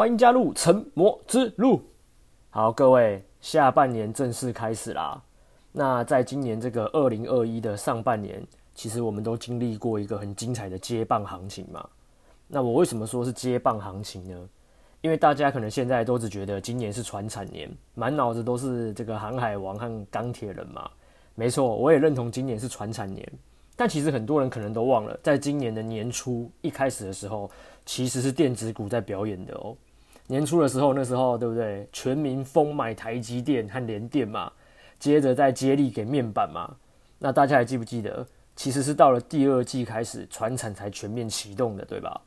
歡迎加入成魔之路。好，各位，下半年正式開始啦。那在今年這個二零二一的上半年，其實我們都經歷過一個很精彩的接棒行情嘛。那我為什麼說是接棒行情呢？因為大家可能現在都只覺得今年是傳產年，滿腦子都是這個航海王和鋼鐵人嘛。沒錯，我也認同今年是傳產年，但其實很多人可能都忘了，在今年的年初一開始的時候，其實是電子股在表演的哦。年初的時候，那時候對不對？全民瘋買台積電和聯電嘛，接着再接力給面板嘛。那大家還記不記得？其實是到了第二季開始，傳產才全面啟動的，對吧？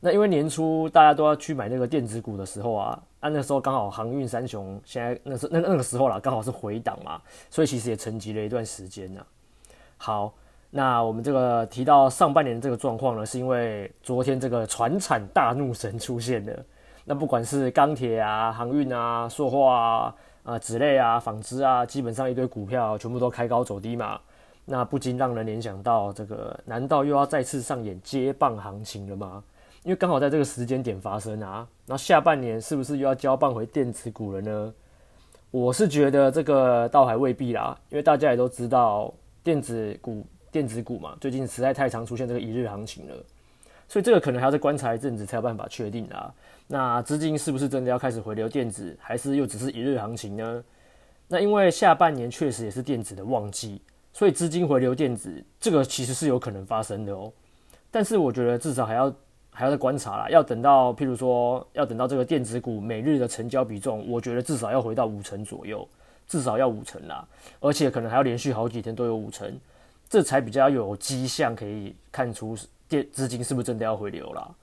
那因為年初大家都要去買那個電子股的時候啊，那、啊、那時候剛好航運三雄現在那是那那個時候啦，剛好是回檔嘛，所以其實也沉寂了一段時間呢、啊。好，那我們這個提到上半年這個狀況呢，是因為昨天這個傳產大怒神出現的。那不管是鋼鐵啊、航運啊、塑化啊、啊、呃、紙類啊、紡織啊，基本上一堆股票全部都開高走低嘛。那不禁讓人聯想到這個，難道又要再次上演接棒行情了嗎？因為剛好在這個時間點發生啊。那下半年是不是又要交棒回電子股了呢？我是覺得這個倒還未必啦，因為大家也都知道電子股、電子股嘛，最近實在太常出現這個一日行情了。所以這個可能還要再觀察一陣子，才有辦法確定啊。那資金是不是真的要開始回流電子，還是又只是一日行情呢？那因為下半年確實也是電子的旺季，所以資金回流電子這個其實是有可能發生的哦。但是我覺得至少還要還要再觀察啦，要等到譬如說要等到這個電子股每日的成交比重，我覺得至少要回到五成左右，至少要五成啦，而且可能還要連續好幾天都有五成，這才比較有跡象可以看出，電資金是不是真的要回流了？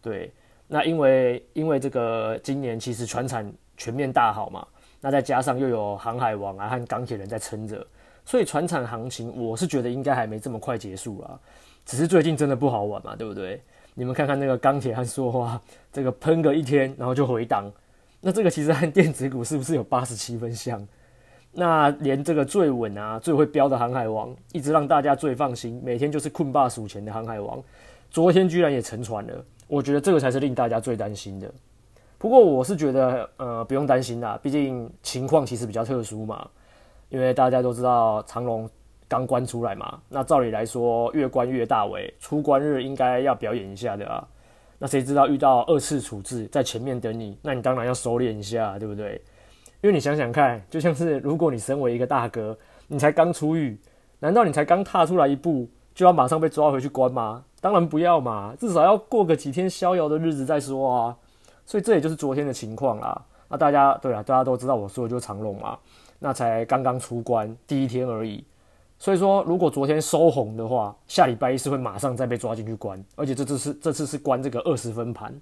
對，那因為因為這個今年其實傳產全面大好嘛，那再加上又有航海王啊和鋼鐵人在撐着，所以傳產行情我是覺得應該還沒這麼快結束了。只是最近真的不好玩嘛，對不對？你們看看那個鋼鐵和塑化，這個噴個一天然後就回檔，那這個其實和電子股是不是有八十七分像？那連這個最穩啊、最會飆的航海王，一直讓大家最放心，每天就是困霸數錢的航海王，昨天居然也沉船了。我覺得這個才是令大家最擔心的。不過我是覺得，呃，不用擔心啦，畢竟情況其實比較特殊嘛。因為大家都知道長榮剛關出來嘛，那照理來說越關越大尾，出關日應該要表演一下的啊。那誰知道遇到二次處置在前面等你，那你當然要收斂一下，對不對？因為你想想看，就像是如果你身為一個大哥，你才剛出獄，難道你才剛踏出來一步就要馬上被抓回去關嗎？當然不要嘛，至少要過個幾天逍遙的日子再說啊。所以這也就是昨天的情況啦。那、啊、大家對啊，大家都知道我說的就是長龍嘛，那才剛剛出關第一天而已。所以說，如果昨天收紅的話，下禮拜一是會馬上再被抓進去關，而且這次是這次是關這個二十分盤，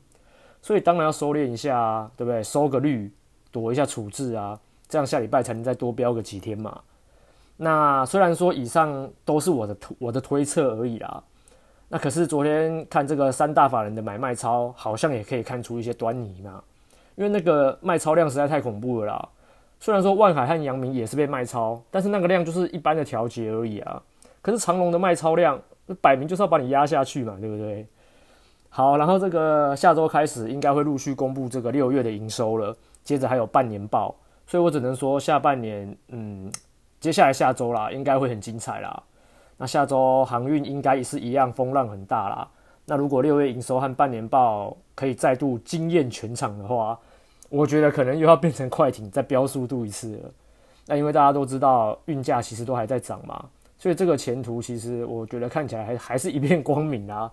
所以當然要收斂一下啊，對不對？收個綠。躲一下處置啊，這樣下禮拜才能再多標個幾天嘛。那雖然說以上都是我的推我的推測而已啦，那可是昨天看這個三大法人的買賣超，好像也可以看出一些端倪嘛。因為那個賣超量實在太恐怖了啦。雖然說萬海和陽明也是被賣超，但是那個量就是一般的調節而已啊。可是長榮的賣超量，擺明就是要把你壓下去嘛，對不對？好，然後這個下周開始應該會陸續公布這個六月的營收了。接着還有半年報，所以我只能說下半年，嗯，接下來下周啦，應該會很精彩啦。那下周航運應該也是一樣風浪很大啦。那如果六月營收和半年報可以再度驚艷全場的話，我覺得可能又要變成快艇，再飆速度一次了。那因為大家都知道運價其實都還在漲嘛，所以這個前途其實我覺得看起來還還是一片光明啊。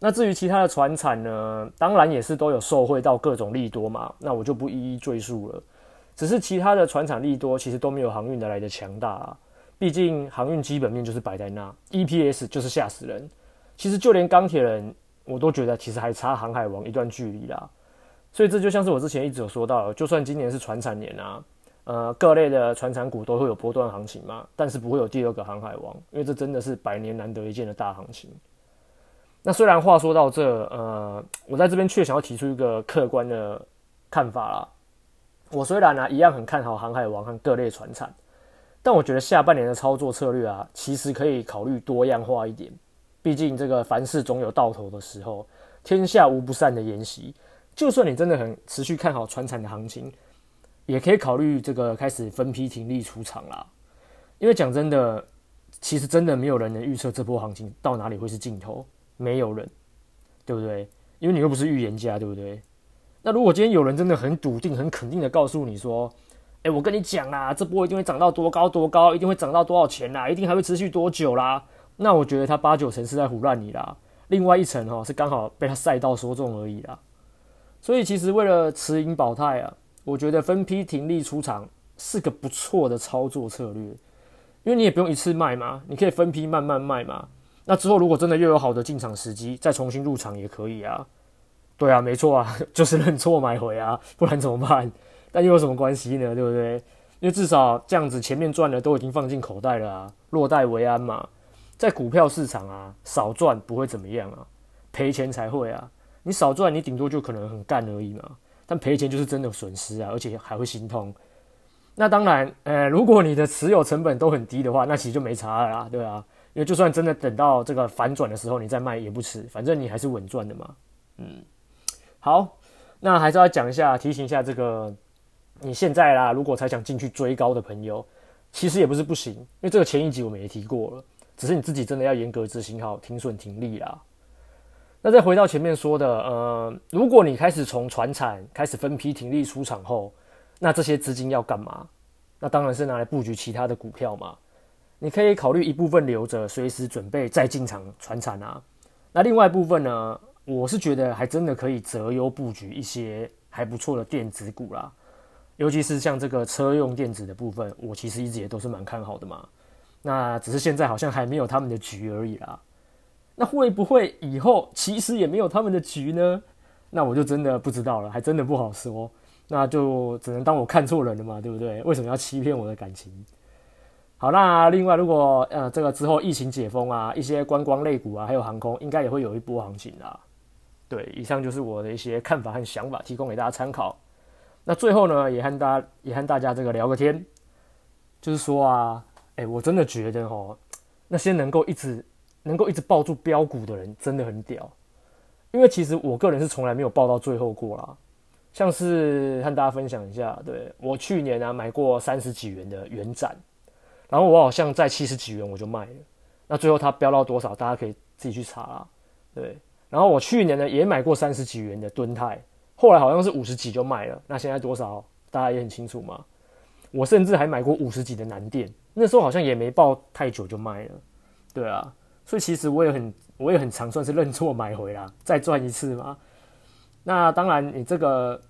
那至於其他的傳產呢，當然也是都有受惠到各種利多嘛，那我就不一一贅述了。只是其他的傳產利多其實都沒有航運的來得強大啊，畢竟航運基本面就是擺在那，EPS 就是嚇死人。其實就連鋼鐵人，我都覺得其實還差航海王一段距離啦。所以這就像是我之前一直有說到，就算今年是傳產年啊，呃，各類的傳產股都會有波段行情嘛，但是不會有第二個航海王，因為這真的是百年難得一見的大行情。那雖然話說到這，呃，我在這邊卻想要提出一個客觀的看法啦。我雖然呢、啊、一樣很看好《航海王》和各類船產，但我覺得下半年的操作策略啊，其實可以考慮多樣化一點。畢竟這個凡事總有到頭的時候，天下無不散的筵席。就算你真的很持續看好船產的行情，也可以考慮這個開始分批停利出場啦。因為講真的，其實真的沒有人能預測這波行情到哪裡會是盡頭。沒有人，對不對？因為你又不是預言家，對不對？那如果今天有人真的很篤定、很肯定的告訴你說：“哎、欸，我跟你講啦，這波一定會漲到多高多高，一定會漲到多少錢啦，一定還會持續多久啦？”那我覺得他八九成是在唬爛你啦。另外一層哦，是剛好被他賽到說中而已啦。所以其實為了持盈保泰啊，我覺得分批停利出場是個不錯的操作策略，因為你也不用一次賣嘛，你可以分批慢慢賣嘛。那之後，如果真的又有好的進場時機，再重新入場也可以啊。對啊，沒錯啊，就是認錯買回啊，不然怎麼辦？但又有什麼關係呢？對不對？因為至少這樣子，前面賺的都已經放進口袋了啊，落袋為安嘛。在股票市場啊，少賺不會怎麼樣啊，賠錢才會啊。你少賺，你頂多就可能很乾而已嘛。但賠錢就是真的損失啊，而且還會心痛。那當然，呃，如果你的持有成本都很低的話，那其實就沒差了啦，對啊。因為就算真的等到這個反轉的時候，你再賣也不遲，反正你還是穩賺的嘛。嗯，好，那還是要講一下，提醒一下這個，你現在啦，如果才想進去追高的朋友，其實也不是不行，因為這個前一集我們也提過了，只是你自己真的要嚴格執行好停損停利啦。那再回到前面說的，呃，如果你開始從船產開始分批停利出場後，那這些資金要幹嘛？那當然是拿來布局其他的股票嘛。你可以考慮一部分留着，隨時準備再進場傳產啊。那另外一部分呢，我是覺得還真的可以擇優布局一些還不錯的電子股啦。尤其是像這個車用電子的部分，我其實一直也都是蠻看好的嘛。那只是現在好像還沒有他們的局而已啦。那會不會以後其實也沒有他們的局呢？那我就真的不知道了，還真的不好說。那就只能當我看錯人了嘛，對不對？為什麼要欺騙我的感情？好，那另外，如果呃，這個之後疫情解封啊，一些觀光類股啊，還有航空，應該也會有一波行情啦。對，以上就是我的一些看法和想法，提供給大家參考。那最後呢，也和大家也和大家這個聊個天，就是說啊，哎、欸，我真的覺得哦，那些能夠一直能夠一直抱住飆股的人真的很屌，因為其實我個人是從來沒有抱到最後過啦。像是和大家分享一下，對，我去年啊買過三十幾元的圓展。然後我好像在七十幾元我就賣了，那最後它飆到多少，大家可以自己去查啊。對，然後我去年呢也買過三十幾元的敦泰，後來好像是五十幾就賣了。那現在多少，大家也很清楚嘛。我甚至還買過五十幾的南電，那時候好像也沒抱太久就賣了。對啊，所以其實我也很我也很常算是認錯買回啦，再賺一次嘛。那當然，你這個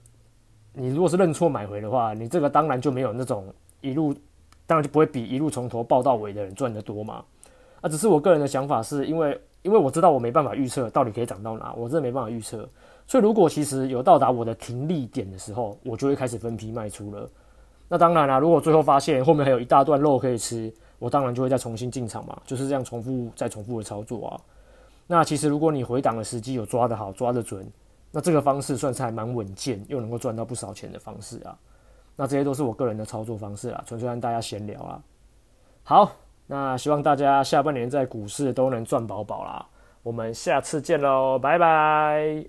你如果是認錯買回的話，你這個當然就沒有那種一路。當然就不會比一路從頭抱到尾的人賺得多嘛。啊，只是我個人的想法是，因為因為我知道我沒辦法預測到底可以漲到哪，我真的沒辦法預測。所以如果其實有到達我的停利點的時候，我就會開始分批賣出了。那當然啦、啊，如果最後發現後面還有一大段肉可以吃，我當然就會再重新進場嘛。就是這樣重複再重複的操作啊。那其實如果你回檔的時機有抓得好，抓得準，那這個方式算是還蠻穩健，又能夠賺到不少錢的方式啊。那這些都是我個人的操作方式啦，純粹讓大家閒聊啦。好，那希望大家下半年在股市都能賺飽飽啦。我們下次見嘍，拜拜。